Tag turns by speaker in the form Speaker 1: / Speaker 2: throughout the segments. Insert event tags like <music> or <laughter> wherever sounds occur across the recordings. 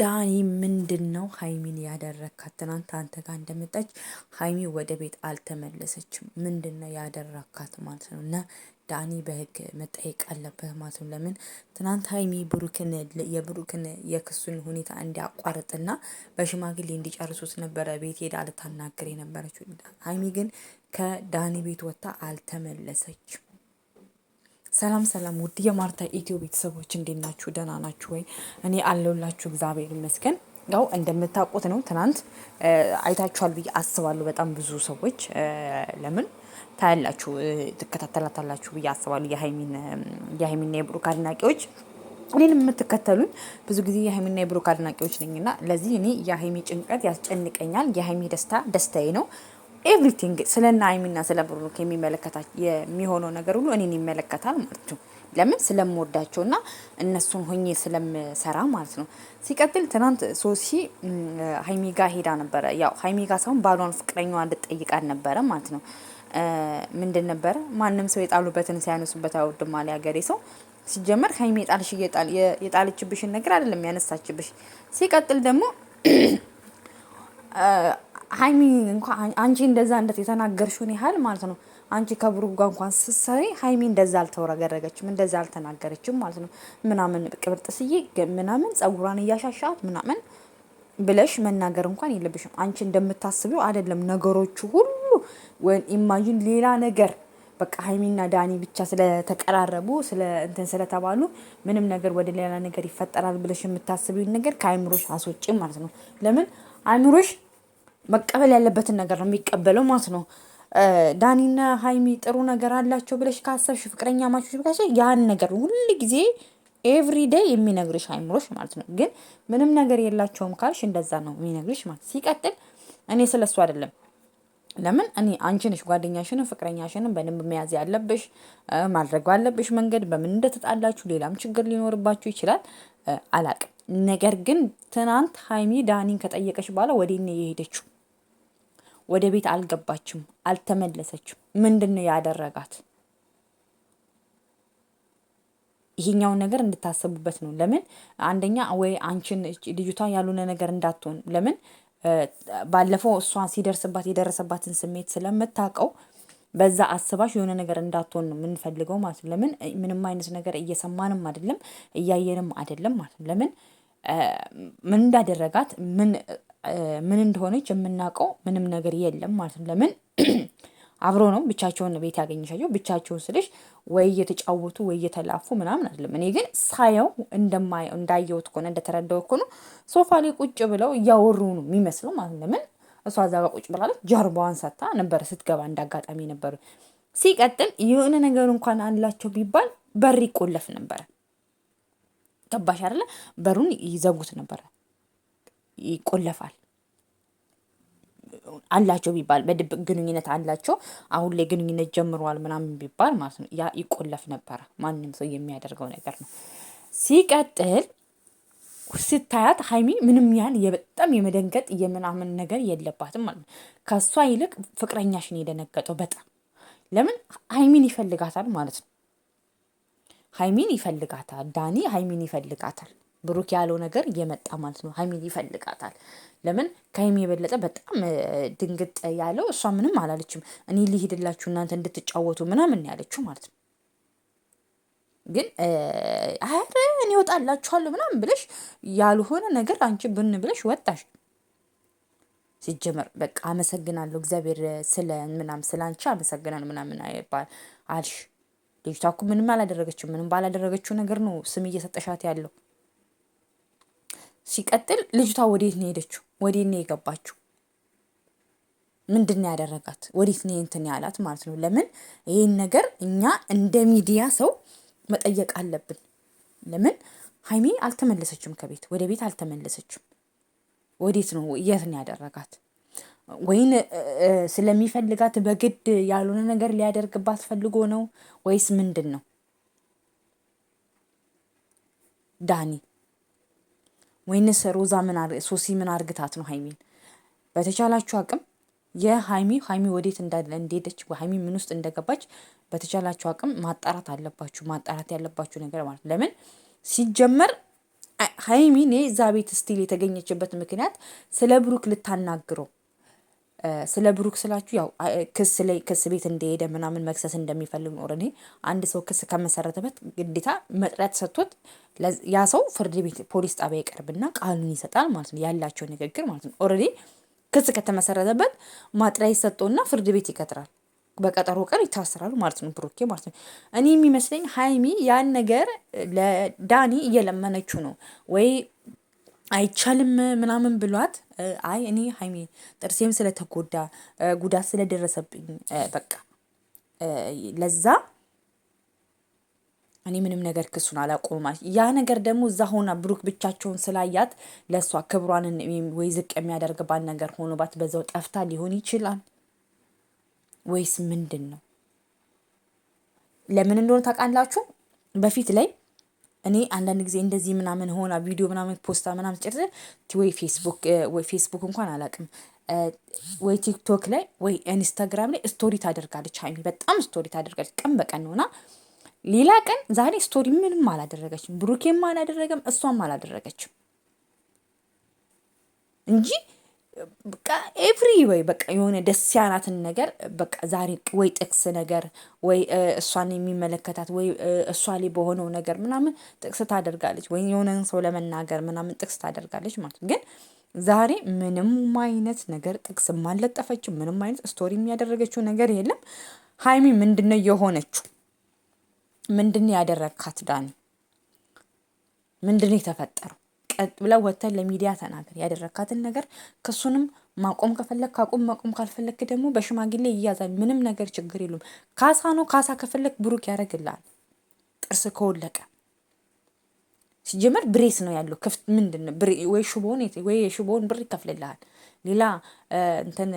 Speaker 1: ዳኒ ምንድን ነው ሀይሚን ያደረካት? ትናንት አንተ ጋር እንደመጣች ሀይሚ ወደ ቤት አልተመለሰችም። ምንድን ነው ያደረካት ማለት ነው? እና ዳኒ በህግ መጠየቅ አለበት ማለት ነው። ለምን ትናንት ሀይሚ ብሩክን የብሩክን የክሱን ሁኔታ እንዲያቋርጥና በሽማግሌ እንዲጨርሱት ነበረ ቤት ሄዳ ልታናገር የነበረችው። ሀይሚ ግን ከዳኒ ቤት ወጥታ አልተመለሰችም። ሰላም ሰላም ውድ የማርታ ኢትዮ ቤተሰቦች እንዴት ናችሁ? ደህና ናችሁ ወይ? እኔ አለሁላችሁ እግዚአብሔር ይመስገን። ያው እንደምታውቁት ነው ትናንት አይታችኋል ብዬ አስባለሁ። በጣም ብዙ ሰዎች ለምን ታያላችሁ፣ ትከታተላታላችሁ ብዬ አስባለሁ። የሀይሚና የብሩክ አድናቂዎች እኔን የምትከተሉኝ ብዙ ጊዜ የሀይሚና የብሩክ አድናቂዎች ነኝና ለዚህ እኔ የሀይሚ ጭንቀት ያስጨንቀኛል፣ የሀይሚ ደስታ ደስታዬ ነው። ኤቭሪቲንግ ስለ ና ስለ ብሩክ የሚመለከታ የሚሆነው ነገር ሁሉ እኔን ይመለከታል ማለት ነው። ለምን ና እነሱን ሆኜ ስለምሰራ ማለት ነው። ሲቀጥል ትናንት ሶሲ ሀይሚጋ ሄዳ ነበረ። ያው ሀይሚጋ ጋ ሳይሆን ባሏን ፍቅረኛዋ እንድጠይቃት ነበረ ማለት ነው። ምንድን ነበረ ማንም ሰው የጣሉበትን ሲያነሱበት አይወድም አለ ያገሬ ሰው። ሲጀመር ሀይሚ የጣልሽ የጣለችብሽን ነገር አይደለም ያነሳችብሽ። ሲቀጥል ደግሞ <clears throat> ሀይሚ እንኳ አንቺ እንደዛ እንደት የተናገርሽውን ያህል ማለት ነው አንቺ ከብሩክ ጋር እንኳን ስትሰሪ ሀይሚ እንደዛ አልተወረገረገችም፣ እንደዛ አልተናገረችም ማለት ነው። ምናምን ቅብርጥስዬ ምናምን ጸጉሯን እያሻሻት ምናምን ብለሽ መናገር እንኳን የለብሽም። አንቺ እንደምታስቢው አይደለም ነገሮቹ ሁሉ ወይ ኢማጂን ሌላ ነገር በቃ ሀይሚና ዳኒ ብቻ ስለተቀራረቡ ስለ እንትን ስለተባሉ ምንም ነገር ወደ ሌላ ነገር ይፈጠራል ብለሽ የምታስቢውን ነገር ከአይምሮሽ አስወጪ ማለት ነው። ለምን አይምሮሽ መቀበል ያለበትን ነገር ነው የሚቀበለው ማለት ነው። ዳኒና ሀይሚ ጥሩ ነገር አላቸው ብለሽ ካሰብሽ ፍቅረኛ ማቾች ብቻ ያን ነገር ሁል ጊዜ ኤቭሪዴይ የሚነግርሽ አይምሮሽ ማለት ነው። ግን ምንም ነገር የላቸውም ካልሽ እንደዛ ነው የሚነግርሽ ማለት ሲቀጥል፣ እኔ ስለሱ አይደለም ለምን እኔ አንቺ ነሽ ጓደኛሽንም ፍቅረኛሽንም በደንብ መያዝ ያለብሽ ማድረግ ባለብሽ መንገድ በምን እንደተጣላችሁ ሌላም ችግር ሊኖርባችሁ ይችላል፣ አላቅም። ነገር ግን ትናንት ሀይሚ ዳኒን ከጠየቀች በኋላ ወደ እኔ የሄደችው ወደ ቤት አልገባችም፣ አልተመለሰችም። ምንድን ነው ያደረጋት? ይሄኛውን ነገር እንድታሰቡበት ነው። ለምን አንደኛ ወይ አንቺን ልጅቷ ያልሆነ ነገር እንዳትሆን ለምን ባለፈው እሷ ሲደርስባት የደረሰባትን ስሜት ስለምታውቀው በዛ አስባሽ የሆነ ነገር እንዳትሆን ነው የምንፈልገው ማለት ነው። ለምን ምንም አይነት ነገር እየሰማንም አይደለም እያየንም አይደለም ማለት ነው። ለምን ምን እንዳደረጋት ምን ምን እንደሆነች የምናውቀው ምንም ነገር የለም ማለት ነው። ለምን <clears throat> አብሮ ነው ብቻቸውን ቤት ያገኘሻቸው ብቻቸውን ስልሽ ወይ እየተጫወቱ ወይ እየተላፉ ምናምን አይደለም። እኔ ግን ሳየው እንደማየው እንዳየውት ከሆነ እንደተረዳው ከሆነ ሶፋ ላይ ቁጭ ብለው እያወሩ ነው የሚመስለው ማለት ነው። ለምን እሷ እዛ ጋር ቁጭ ብላለች፣ ጀርባዋን ሰታ ነበር ስትገባ እንዳጋጣሚ ነበር። ሲቀጥል የሆነ ነገር እንኳን አላቸው ቢባል በር ይቆለፍ ነበር። ገባሽ አይደለ? በሩን ይዘጉት ነበረ፣ ይቆለፋል። አላቸው ቢባል በድብቅ ግንኙነት አላቸው፣ አሁን ላይ ግንኙነት ጀምረዋል ምናምን ቢባል ማለት ነው። ያ ይቆለፍ ነበረ። ማንም ሰው የሚያደርገው ነገር ነው። ሲቀጥል ስታያት ሀይሚ ምንም ያህል የበጣም የመደንገጥ የምናምን ነገር የለባትም ማለት ነው። ከእሷ ይልቅ ፍቅረኛሽን የደነገጠው በጣም ለምን ሀይሚን ይፈልጋታል ማለት ነው። ሀይሚን ይፈልጋታል። ዳኒ ሀይሚን ይፈልጋታል። ብሩክ ያለው ነገር እየመጣ ማለት ነው። ሀይሚን ይፈልጋታል። ለምን ከሀይሚ የበለጠ በጣም ድንግጥ ያለው እሷ ምንም አላለችም። እኔ ሊሄድላችሁ እናንተ እንድትጫወቱ ምናምን ያለችው ማለት ነው። ግን አረ እኔ እወጣላችኋለሁ ምናምን ብለሽ ያልሆነ ነገር አንቺ ብን ብለሽ ወጣሽ። ሲጀመር በቃ አመሰግናለሁ እግዚአብሔር ስለ ምናምን ስለ አንቺ አመሰግናለሁ ምናምን አልሽ ልጅቷ እኮ ምንም አላደረገችው። ምንም ባላደረገችው ነገር ነው ስም እየሰጠሻት ያለው። ሲቀጥል ልጅቷ ወዴት ነው የሄደችው? ወዴት ነው የገባችው? ምንድን ነው ያደረጋት? ወዴት ነው እንትን ያላት ማለት ነው? ለምን ይህን ነገር እኛ እንደ ሚዲያ ሰው መጠየቅ አለብን። ለምን ሀይሚ አልተመለሰችም? ከቤት ወደ ቤት አልተመለሰችም። ወዴት ነው የት ነው ያደረጋት? ወይን ስለሚፈልጋት በግድ ያልሆነ ነገር ሊያደርግባት ፈልጎ ነው ወይስ ምንድን ነው? ዳኒ ወይንስ ሮዛ ሶሲ ምን አርግታት ነው ሀይሚን? በተቻላችሁ አቅም የሀይሚ ሀይሚ ወዴት እንደሄደች ሀይሚ ምን ውስጥ እንደገባች በተቻላችሁ አቅም ማጣራት አለባችሁ። ማጣራት ያለባችሁ ነገር ማለት ለምን ሲጀመር ሀይሚን የዛ ቤት ስቲል የተገኘችበት ምክንያት ስለ ብሩክ ልታናግረው ስለ ብሩክ ስላችሁ ያው ክስ ላይ ክስ ቤት እንደሄደ ምናምን መክሰስ እንደሚፈልግ ኖር እኔ አንድ ሰው ክስ ከመሰረተበት ግዴታ መጥሪያ ተሰጥቶት ያ ሰው ፍርድ ቤት ፖሊስ ጣቢያ ይቀርብና ቃሉን ይሰጣል ማለት ነው። ያላቸው ንግግር ማለት ነው። ኦልሬዲ ክስ ከተመሰረተበት ማጥሪያ ይሰጠውና ፍርድ ቤት ይቀጥራል። በቀጠሮ ቀን ይታሰራሉ ማለት ነው። ብሩኬ ማለት ነው። እኔ የሚመስለኝ ሀይሚ ያን ነገር ለዳኒ እየለመነችው ነው ወይ አይቻልም ምናምን ብሏት አይ እኔ ሀይሜ ጥርሴም ስለተጎዳ ጉዳት ስለደረሰብኝ በቃ ለዛ እኔ ምንም ነገር ክሱን አላቆምም ያ ነገር ደግሞ እዛ ሆና ብሩክ ብቻቸውን ስላያት ለእሷ ክብሯን ወይ ዝቅ የሚያደርግባት ነገር ሆኖባት በዛው ጠፍታ ሊሆን ይችላል ወይስ ምንድን ነው? ለምን እንደሆነ ታውቃላችሁ በፊት ላይ እኔ አንዳንድ ጊዜ እንደዚህ ምናምን ሆና ቪዲዮ ምናምን ፖስታ ምናምን ስትጨርስ ወይ ፌስቡክ ወይ ፌስቡክ እንኳን አላውቅም ወይ ቲክቶክ ላይ ወይ ኢንስታግራም ላይ ስቶሪ ታደርጋለች። ሀይሚ በጣም ስቶሪ ታደርጋለች ቀን በቀን ሆና። ሌላ ቀን ዛሬ ስቶሪ ምንም አላደረገችም፣ ብሩኬም አላደረገም፣ እሷም አላደረገችም እንጂ በቃ ኤቭሪ ወይ በቃ የሆነ ደስ ያላትን ነገር በቃ ዛሬ ወይ ጥቅስ ነገር ወይ እሷን የሚመለከታት ወይ እሷ ላይ በሆነው ነገር ምናምን ጥቅስ ታደርጋለች ወይ የሆነን ሰው ለመናገር ምናምን ጥቅስ ታደርጋለች ማለት ግን ዛሬ ምንም አይነት ነገር ጥቅስ የማለጠፈችው ምንም አይነት ስቶሪ የሚያደረገችው ነገር የለም። ሀይሚ ምንድነው የሆነችው? ምንድን ያደረግካት ዳኒ? ምንድን የተፈጠረው? ቀጥ ብላ ወተን ለሚዲያ ተናገር ያደረካትን ነገር። ክሱንም ማቆም ከፈለግ ካቁም፣ ማቆም ካልፈለግ ደግሞ በሽማግሌ ይያዛል። ምንም ነገር ችግር የሉም። ካሳ ነው ካሳ ከፈለግ ብሩክ ያደርግልሃል። ጥርስ ከወለቀ ሲጀመር ብሬስ ነው ያለው። ክፍት ምንድን ነው ወይ ሽቦን ወይ የሽቦን ብር ይከፍልልሃል። ሌላ እንትን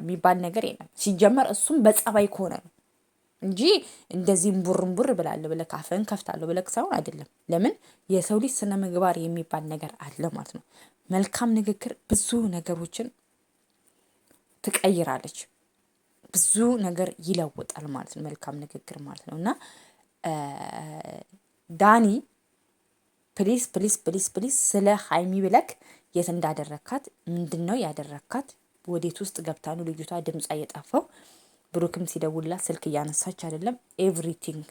Speaker 1: የሚባል ነገር የለም። ሲጀመር እሱም በጸባይ ከሆነ ነው እንጂ እንደዚህ ቡርንቡር እምቡር ብላለሁ ብለህ አፍህን ከፍታለሁ ብለ ሳይሆን አይደለም። ለምን የሰው ልጅ ስነ ምግባር የሚባል ነገር አለ ማለት ነው። መልካም ንግግር ብዙ ነገሮችን ትቀይራለች፣ ብዙ ነገር ይለውጣል ማለት ነው። መልካም ንግግር ማለት ነው እና ዳኒ ፕሊስ ፕሊስ ፕሊስ ፕሊስ ስለ ሀይሚ ብለክ የት እንዳደረካት ምንድን ነው ያደረካት? ወዴት ውስጥ ገብታ ነው ልዩቷ ድምፃ እየጠፋው ብሩክም ሲደውላት ስልክ እያነሳች አይደለም። ኤቭሪቲንግ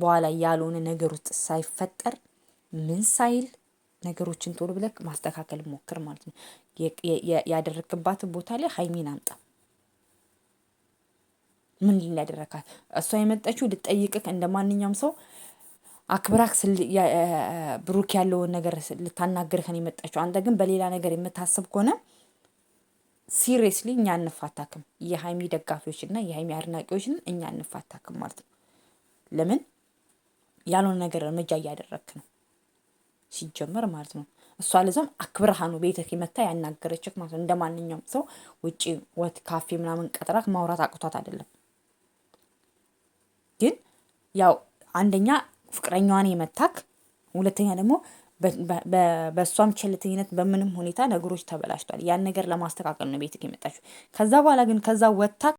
Speaker 1: በኋላ ያልሆነ ነገር ውስጥ ሳይፈጠር ምን ሳይል ነገሮችን ቶሎ ብለህ ማስተካከል ሞክር ማለት ነው። ያደረግባትን ቦታ ላይ ሀይሚን አምጣ። ምን ሊያደረካት እሷ የመጣችው ልጠይቅህ እንደ ማንኛውም ሰው አክብራክ ብሩክ ያለውን ነገር ልታናግርህን የመጣችው አንተ ግን በሌላ ነገር የምታስብ ከሆነ ሲሪየስሊ እኛ አንፋታክም። የሀይሚ ደጋፊዎችና የሀይሚ አድናቂዎችን እኛ አንፋታክም ማለት ነው። ለምን ያልሆነ ነገር እርምጃ እያደረግክ ነው ሲጀመር ማለት ነው። እሷ ለዛም አክብርሃኑ ቤትህ መታ ያናገረችህ ማለት ነው። እንደ ማንኛውም ሰው ውጭ ወት ካፌ ምናምን ቀጥራክ ማውራት አቅቷት አይደለም። ግን ያው አንደኛ ፍቅረኛዋን የመታክ ሁለተኛ ደግሞ በእሷም ቸልተኝነት በምንም ሁኔታ ነገሮች ተበላሽቷል። ያን ነገር ለማስተካከል ነው ቤት የመጣችው። ከዛ በኋላ ግን ከዛ ወጥታ